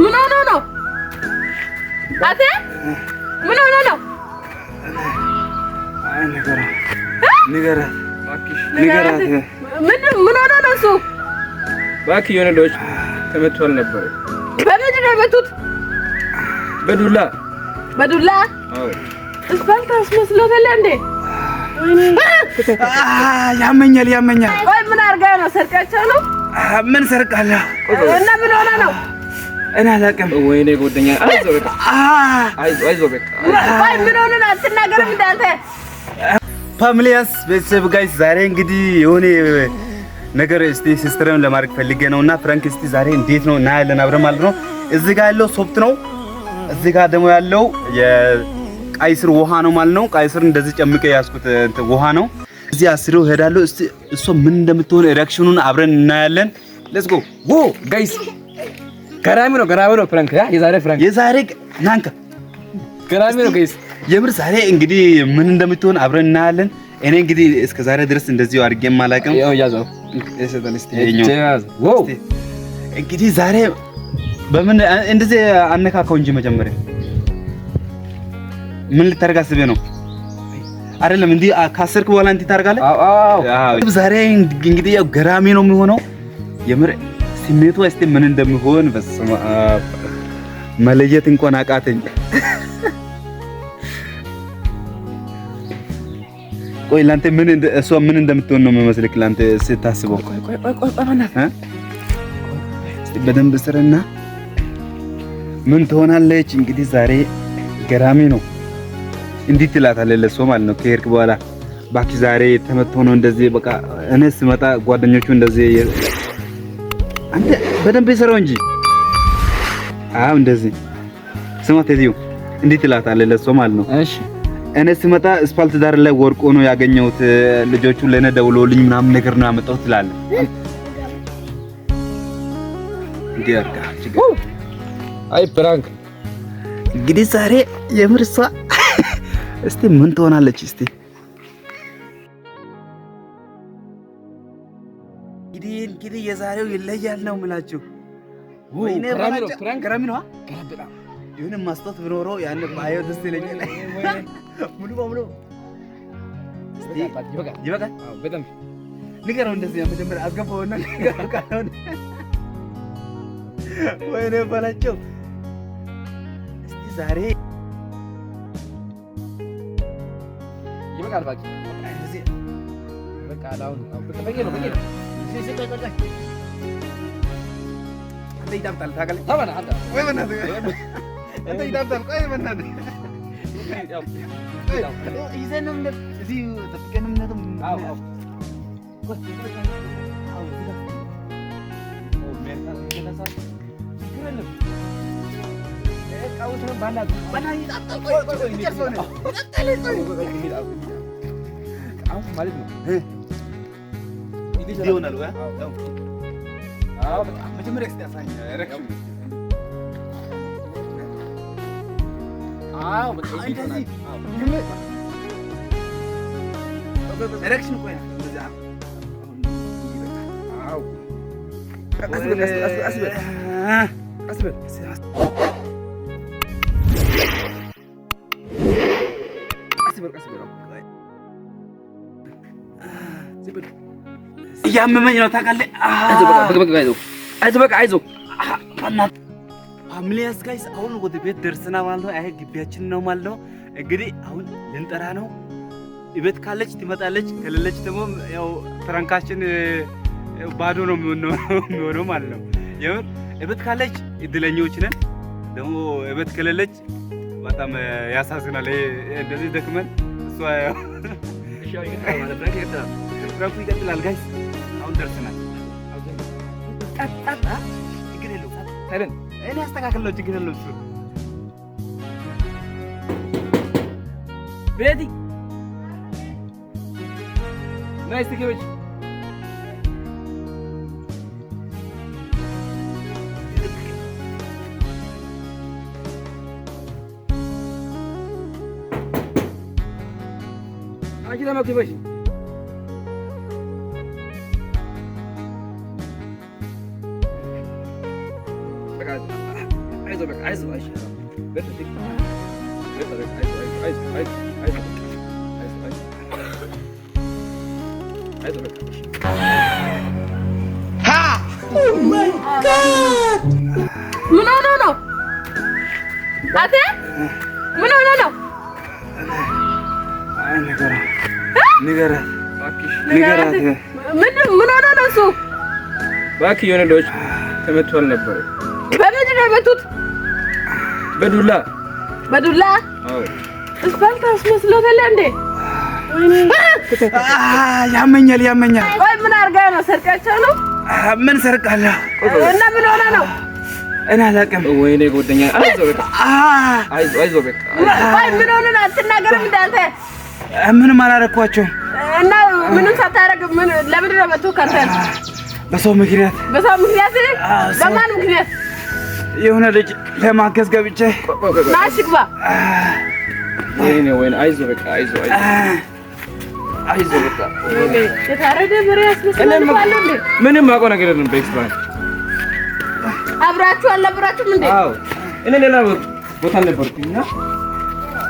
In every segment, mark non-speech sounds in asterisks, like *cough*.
ምን ሆኖ ነው? አቴ ምን ሆኖ ነው? ምን ሆኖ ነው? እሱ እባክህ የሆነ ልጆች ተመቷል ነበር። በምንድን ነው የመቱት? በዱላ በዱላ እስፋልት አስመስሎታል እንዴ? ያመኛል ያመኛል። ቆይ ምን አድርጋ ነው? ሰርቃቸው ነው ምን ሰርቃለሁ እና ምን ሆነ ነው? እኔ አላውቅም። ወይኔ ጎደኛ፣ አይዞህ በቃ አይዞህ በቃ። ቆይ ምን ሆነ ነው? አትናገርም እንዳንተ ፋሚሊያስ ቤተሰብ ጋይስ፣ ዛሬ እንግዲህ የሆነ ነገር እስቲ ሲስተርም ለማድረግ ፈልጌ ነው እና ፍራንክ፣ እስቲ ዛሬ እንዴት ነው እናያለን አብረን ማለት ነው። እዚህ ጋር ያለው ሶፍት ነው። እዚህ ጋር ደግሞ ያለው ስር ውሃ ነው ማለት ነው። ቃይስር እንደዚህ ጨምቄ ያዝኩት ውሃ ነው እዚህ አስሬው እሄዳለሁ። እስቲ እሷ ምን እንደምትሆን ሪያክሽኑን አብረን እናያለን። ሌትስ ጎ ጎ ጋይስ። ገራሚ ነው፣ ገራሚ ነው ፍራንክ። ያ የዛሬ ፍራንክ የዛሬ ናንከ ገራሚ ነው ጋይስ። የምር ዛሬ እንግዲህ ምን እንደምትሆን አብረን እናያለን። እኔ እንግዲህ እስከ ዛሬ ድረስ እንደዚህ አድርጌ አላውቅም። ያው ያዘው እንግዲህ ዛሬ በምን እንደዚህ አነካከው እንጂ መጀመሪያ ምን ልታደርግ አስቤ ነው አይደለም እንዲህ ካሰርክ በኋላ እንዲህ ታደርጋለህ። ዛሬ እንግዲህ ያው ገራሚ ነው የሚሆነው። የምር ስሜቱ እስቲ ምን እንደሚሆን በስመ አብ መለየት እንኳን አቃተኝ። *laughs* ቆይ ላንተ ምን እንደ እሷ ምን እንደምትሆን ነው የሚመስልክ ላንተ ስታስበው? ቆይ ቆይ ቆይ ቆይ ቆይ ማለት እስቲ በደንብ ስርና ምን ትሆናለች እንግዲህ ዛሬ ገራሚ ነው። እንዲህ ትላታለህ ለእሷ ማለት ነው። ከሄድክ በኋላ ባኪ ዛሬ ተመቶ ነው እንደዚህ በቃ እኔ ስመጣ ጓደኞቹ እንደዚህ አንተ በደንብ ይሰራው እንጂ አው እንደዚህ ስማት እዚሁ እንዲህ ትላታለህ ለእሷ ማለት ነው። እሺ እኔ ስመጣ አስፋልት ዳር ላይ ወርቆ ነው ያገኘሁት። ልጆቹ ለእኔ ደውሎልኝ ምናምን ነገር ነው ያመጣሁት ትላለህ። አይ ፕራንክ እንግዲህ ዛሬ የምርሷ እስቲ ምን ትሆናለች? እስቲ እንግዲህ እንግዲህ የዛሬው ይለያል ነው የምላችሁ። ገራሚ ነው ይሁን ማስታወት ብኖረው ያን ባየው ደስ ይለኛል። ሙሉ በሙሉ ይበቃል። በጣም ንገረው እንደዚህ መጀመሪያ አስገባውና ካልሆነ ወይኔ በላቸው እስቲ ዛሬ ይበቃል። ባቂ ይበቃል። አሁን በቂ ነው። በቂ ነው። ይዳምጣል Aku kembali dulu. ya? Ah, macam mereka setiap saya. Ah, betul. Ini dia sih. Ini. Reaction kau Asbel, asbel, asbel, asbel, asbel, asbel, asbel, asbel, asbel, asbel, asbel, asbel, asbel, asbel, እያመመኝ ነው ታውቃለህ። አይዞህ አይዞህ። ፋሚሊያስ ጋይስ አሁን ወደ ቤት ደርስና ማለት ነው። አይ ግቢያችን ነው ማለት ነው። እንግዲህ አሁን ልንጠራ ነው። እቤት ካለች ትመጣለች፣ ከሌለች ደግሞ ያው ፍራንካችን ባዶ ነው *laughs* የሚሆነው ማለት ነው። የምር ቤት ካለች እድለኞች ነን። ደግሞ ቤት ከሌለች በጣም ያሳዝናል። እንደዚህ ደክመን እሷ እርሻው ይቀጥላል ማለት ነው። ይቀጥላል ይቀጥላል። ጋይስ አሁን ደርሰናል። ችግር የለውም እኔ ችግር የለውም። እሱ ቤቲ ናይስ ትገበች Akira Maki Bashi. Also weg, also weg. Also. Bitte schick. Bitte weg, Eis weg, Eis weg, Eis weg. Eis weg. Ha! Oh mein Gott! No, no, no, no! Ate? No, no, no, Ay, me acuerdo. ንገራት ንገራት። ምን ምን ሆነ ነው እሱ? እባክህ የሆነ ልጅ ተመቷል ነበር። በምንድን ነው የመቱት? በዱላ በዱላ። አዎ እስፓልት አስመስሎታል እንዴ? ያመኛል ያመኛል። ቆይ ምን አድርጋ ነው? ሰርቃቸው ነው? ምን ሰርቃለሁ? እና ምን ሆነ ነው? እኔ አላውቅም። ወይኔ ጓደኛ፣ አይዞህ በቃ አይዞህ በቃ። ቆይ ምን ሆነ ነው? አትናገርም እንዳንተ ምንም አላረኳቸው እና ምንም ሳታረግ ምን ለምን ለመቶ ከርተን በሰው ምክንያት በሰው ምክንያት በማን ምክንያት የሆነ ልጅ ለማገዝ ገብቼ ማሽግባ ወይኔ ወይኔ አይዞህ በቃ አይዞህ አይዞህ አይዞህ በቃ የታረደ ብሬ ያስመስላል እንዴ ምንም አውቀው ነገር የለም በኤክስትራ አብራችሁ አልነበራችሁም እንዴ አዎ እኔ ሌላ ቦታ ነበርኩኝ እና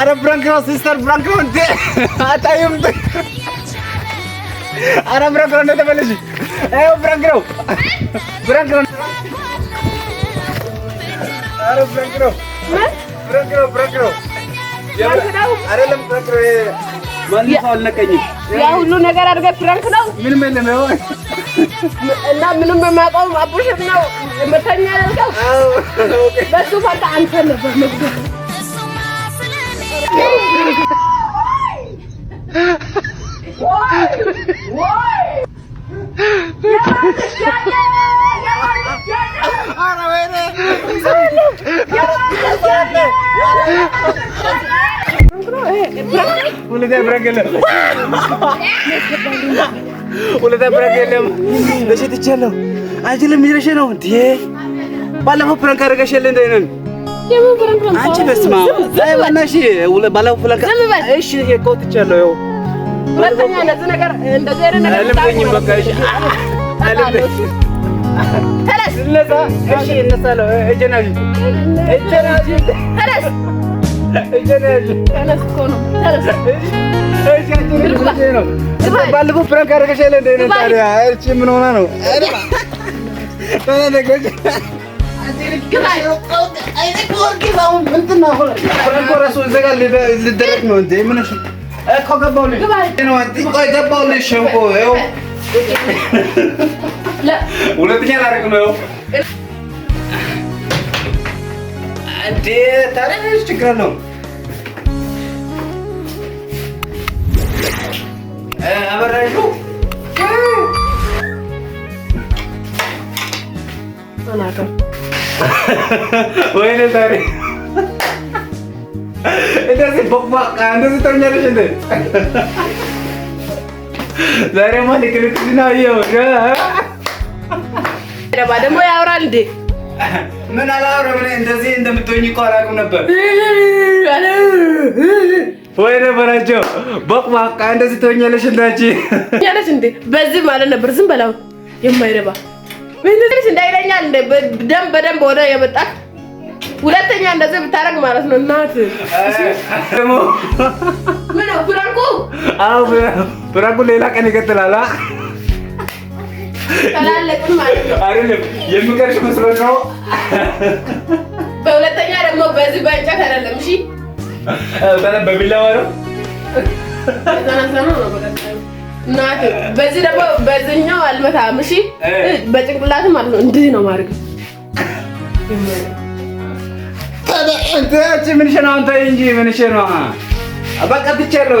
አረ ብራንክ ነው ሲስተር፣ ብራንክ ነው እንዴ! አታይም? አረ ብራንክ ነው ተመለሽ። አይው ብራንክ ነው፣ ብራንክ ነው። አረ ብራንክ ነው፣ ሁሉ ነገር አድርገህ ፍራንክ ነው። ምንም የለም እና ምንም የማውቀው አቡሽ ነው የምተኛ ያልከው በሱ ፋንታ አንተ ነበር መግደል ሁለተኛ ብረግ የለም፣ ሁለተኛ ብረግ የለም። እሺ ትቼለው አልችልም። ይረሽ ነው እንዴ? ባለፈው ፕራንክ አደረገሽል እንዴ? አንቺ በስማ ዘይ ባናሽ ባለፈው ፕራንክ እሺ እኮ ትቼለው ይኸው ሁለተኛ እንደዚህ ነገር እንደዚህ አይነት ነገር አልልኝም። በቃ እሺ አልልኝም። ተነስ እነሳ እሺ እነሳለሁ እጀናጅ እጀናጅ ተነስ ባለፈው ፕራንክ አደረገሽ የለ እንደ ታዲያ እርቺ ምን ሆና ነው? ሁለተኛ ላደርግ ነው እንዴ ታዲያ ችግር አለው። አበራሹ ወይኔ ታሪ እንደዚህ ቦቅቧቃ እንደዚህ ተኛለሽ እንዴ? ዛሬማ ልክልክሽ ነው። ደግሞ ያወራል እንዴ? ምን አላወራም። እኔ እንደዚህ እንደምትሆኝ እኮ አላውቅም ነበር። ወይ ነበራቸው በቅማቃ እንደዚህ ትሆኛለሽ እንዳች ያለሽ እንዴ! በዚህ ማለት ነበር። ዝም በላው የማይረባ ምንድነሽ እንዳይለኛል እንደ ደንብ በደንብ ወደ የመጣ ሁለተኛ እንደዚህ ብታረግ ማለት ነው እናት ምን ፍራንኩ አው ፍራንኩ ሌላ ቀን ይቀጥላል። አይደለም የምቀርሽ መስሎሽ ነው። በሁለተኛ ደግሞ በዚህ በእንጨት አይደለም። እሺ በቢላዋ ነው። በዚህ ደግሞ በዚህኛው አልመታም። እሺ በጭንቅላት ማለት ነው። እንዲህ ነው ማድረግ። አንቺ ምንሽን አንተ እንጂ ምንሽን በቃ ትቼ ነው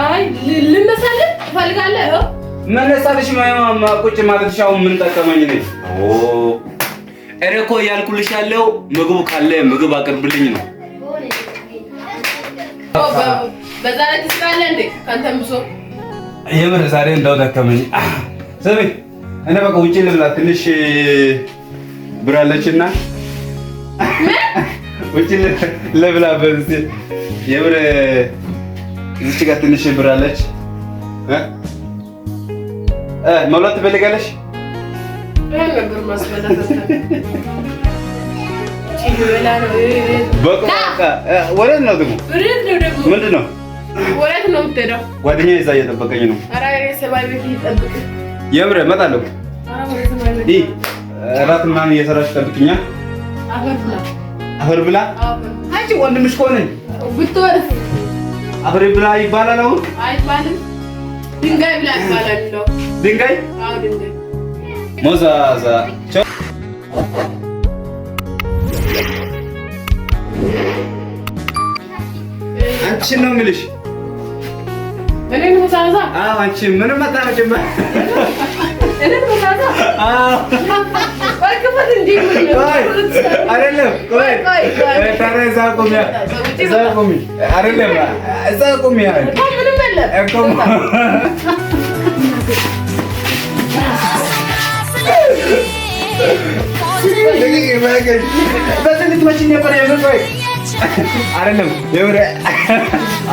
አይ ልመሰልህ ትፈልጋለህ? ይኸው መነሳትሽ ቁጭ ማለትሽ አሁን ምን ጠቀመኝ? ነኝ እኔ እኮ እያልኩልሽ ያለው ምግቡ ካለ ምግብ አቅርብልኝ ነው። በዛ ላይ ትስራለህ እንዴ? ከአንተም ብሶ የምር ዛሬ እንደው ደከመኝ። ስሚ እኔ በቃ ውጪ ልብላ ትንሽ ብራለችና ውጪ ልብላ በዚህ የምር እዚህ ጋር ትንሽ ብር አለች። መብላት ትፈልጋለሽ? ወሬት ነው ደግሞ ምንድን ነው? ወሬት ነው የምትሄደው? ጓደኛዬ እዛ እየጠበቀኝ ነው። የምር እመጣለሁ። እራት ምናምን እየሰራች ጠብቅኛል። አፈር ብላ ወንድምሽ ከሆነ አብሬ ብላ ይባላል። አሁን አይባልም። ድንጋይ ብላ ይባላል። ድንጋይ አዎ፣ ድንጋይ ሞዛዛ አንቺን ነው የምልሽ። እኔ ሞዛዛ? አዎ፣ አንቺን ምንም አታረጅም አይደለም የምር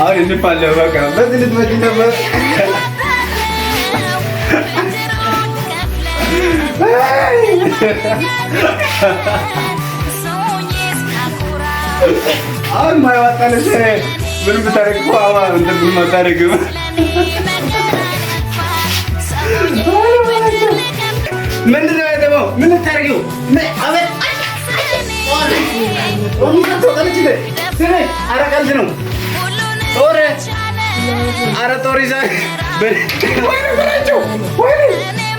አሁን እንፋለን። በቃ በዚህ ልትመጪ ነበር አሁን ማይዋጣለሽ ምንም ብታደርግ እኮ አባ እንትን ምንም አታደርግም። ምንድን ያደረገው? ምን ታደርጊው? ኧረ ቀልድ ነው። ኧረ ጦር ይዛ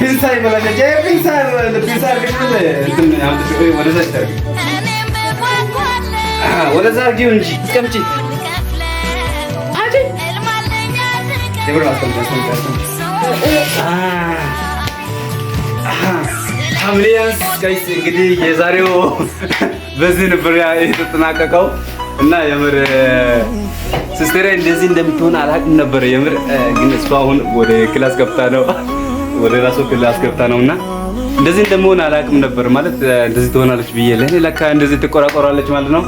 ፒንሳ ይበላሻል። ፒንሳ ፒንሳ ወደዛ አድርጊው እንጂ አስቀምጪ። ሀምሊያንስ ጋይስ እንግዲህ የዛሬው *laughs* በዚህ ነበር የተጠናቀቀው እና የምር ሲስተሬ እንደዚህ እንደምትሆን አላውቅም ነበር። የምር ግን እሷ አሁን ወደ ክላስ ገብታ ነው ወደ ራሱ ክልል አስገብታ ነውና እንደዚህ እንደመሆን አላውቅም ነበር ማለት እንደዚህ ትሆናለች ብዬ ለኔ ለካ እንደዚህ ትቆራቆራለች ማለት ነው።